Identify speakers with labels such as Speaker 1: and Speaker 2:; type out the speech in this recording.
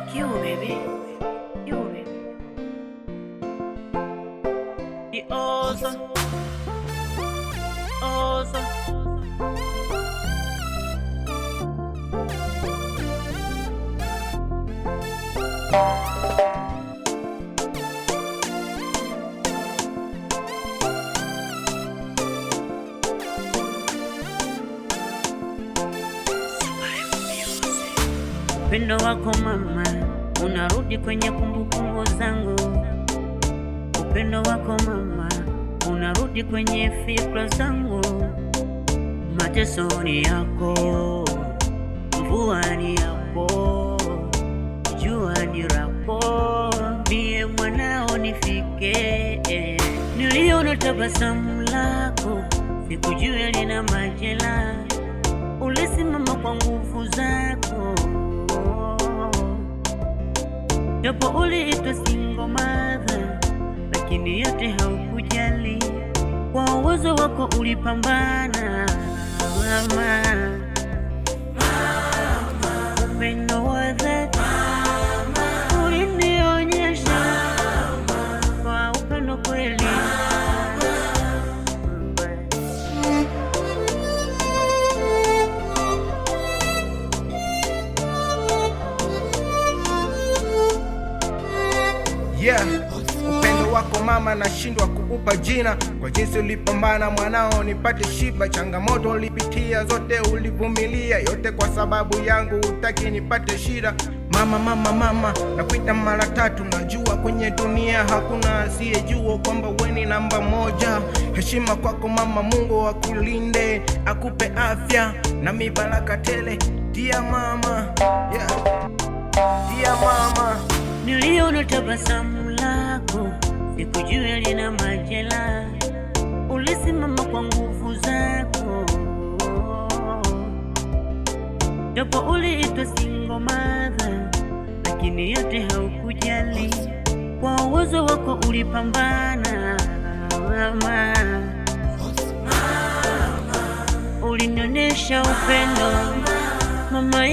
Speaker 1: bebê. baby. o bebê. E ousa, ousa.
Speaker 2: We know I call my unarudi kwenye kumbukumbu zangu, upendo wako mama, unarudi kwenye fikra zangu, mateso ni yako, mvua ni yako, jua ni lako, mie mwanao nifike, niliona tabasamu lako, sikujua lina majela, ulisimama kwa nguvu zako japo uliitwa single mother, lakini yote haukujali. Kwa uwezo wako ulipambana mama
Speaker 3: yeah. Upendo wako mama nashindwa kuupa jina, kwa jinsi ulipambana mwanao nipate shiba. Changamoto ulipitia zote ulivumilia, yote kwa sababu yangu, utaki nipate shida. Mama, mama, mama, nakuita mara tatu. Najua kwenye dunia hakuna asiyejua kwamba we ni namba moja. Heshima kwako mama, Mungu akulinde, akupe afya na mibaraka tele, dia mama yeah.
Speaker 2: Hilo tabasamu lako sikujua lina majela, ulisimama kwa nguvu zako, japo uliitwa single mother, lakini yote haukujali. Kwa uwezo wako ulipambana mama, ulinonesha upendo mama.